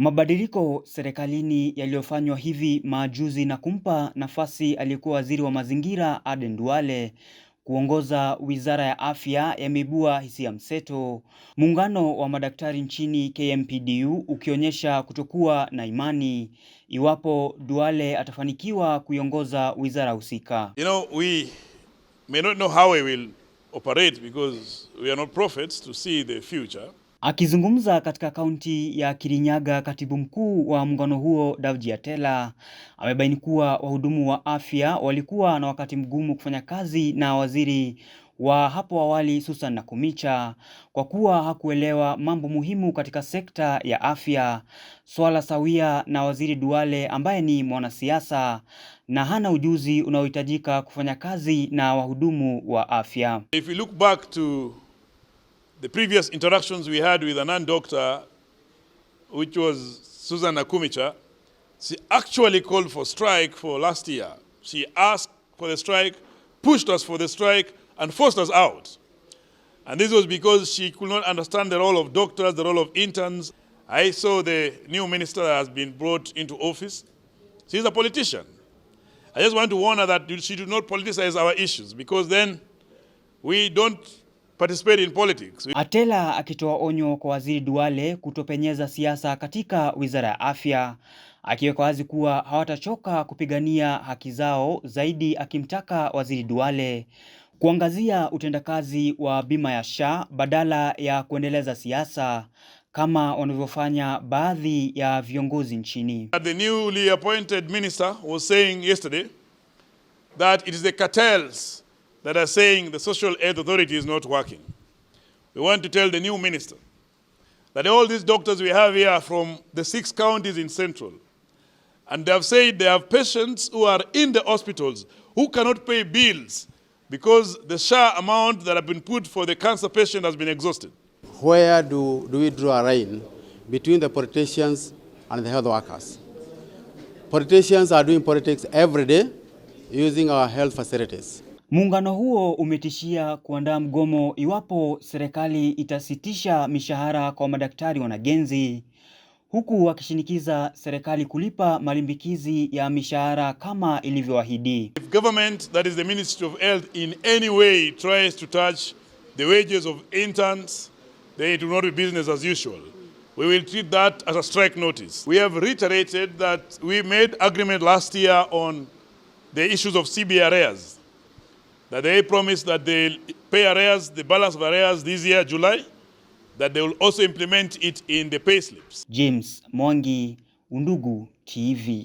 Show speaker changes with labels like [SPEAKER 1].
[SPEAKER 1] Mabadiliko serikalini yaliyofanywa hivi majuzi na kumpa nafasi aliyekuwa waziri wa mazingira Aden Duale kuongoza wizara ya afya yameibua hisia mseto, muungano wa madaktari nchini KMPDU ukionyesha kutokuwa na imani iwapo Duale atafanikiwa kuiongoza wizara husika.
[SPEAKER 2] You know, we may not know how we will operate because we are not prophets to see the future.
[SPEAKER 1] Akizungumza katika kaunti ya Kirinyaga, katibu mkuu wa muungano huo Davji Atela amebaini kuwa wahudumu wa afya walikuwa na wakati mgumu kufanya kazi na waziri wa hapo awali Susan kumicha kwa kuwa hakuelewa mambo muhimu katika sekta ya afya, swala sawia na waziri Duale ambaye ni mwanasiasa na hana ujuzi unaohitajika kufanya kazi na wahudumu wa afya.
[SPEAKER 2] If you look back to the previous interactions we had with a non-doctor, which was Susan Akumicha, she actually called for strike for last year. She asked for the strike, pushed us for the strike, and forced us out. And this was because she could not understand the role of doctors, the role of interns. I saw the new minister has been brought into office. She's a politician. I just want to warn her that she should not politicize our issues because then we don't participate in politics.
[SPEAKER 1] Atela akitoa onyo kwa Waziri Duale kutopenyeza siasa katika Wizara ya Afya, akiweka wazi kuwa hawatachoka kupigania haki zao, zaidi akimtaka Waziri Duale kuangazia utendakazi wa bima ya SHA badala ya kuendeleza siasa kama wanavyofanya baadhi ya viongozi nchini.
[SPEAKER 2] The newly appointed minister was saying yesterday that it is the cartels that are saying the social aid authority is not working. We want to tell the new minister that all these doctors we have here are from the six counties in Central. And they have said they have patients who are in the hospitals who cannot pay bills because the share amount that have been put for the cancer patient has been exhausted.
[SPEAKER 3] Where do, do we draw a line between the politicians and the health workers? Politicians are doing politics every day using our health facilities.
[SPEAKER 1] Muungano huo umetishia kuandaa mgomo iwapo serikali itasitisha mishahara kwa madaktari wanagenzi, huku wakishinikiza serikali kulipa malimbikizi ya mishahara kama ilivyoahidi.
[SPEAKER 2] If government that is the Ministry of Health in any way tries to touch the wages of interns, they do not be business as usual. We will treat that as a strike notice. We have reiterated that we made agreement last year on the issues of CBRs that they promised that they pay arrears, the balance of arrears this year, July, that they will also implement it in the pay slips
[SPEAKER 1] James Mwangi, Undugu TV.